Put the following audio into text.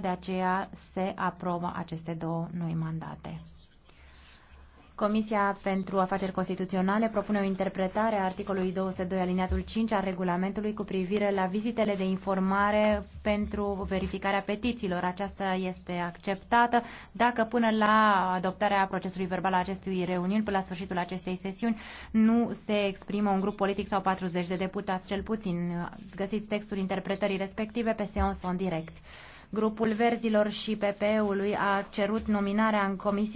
De aceea se aprobă aceste două noi mandate. Comisia pentru Afaceri Constituționale propune o interpretare a articolului 202 aliniatul 5 al regulamentului cu privire la vizitele de informare pentru verificarea petițiilor. Aceasta este acceptată dacă până la adoptarea procesului verbal a acestui reuniuni, până la sfârșitul acestei sesiuni, nu se exprimă un grup politic sau 40 de deputați cel puțin. Găsiți textul interpretării respective pe seans în direct. Grupul Verzilor și PPE-ului a cerut nominarea în comisie.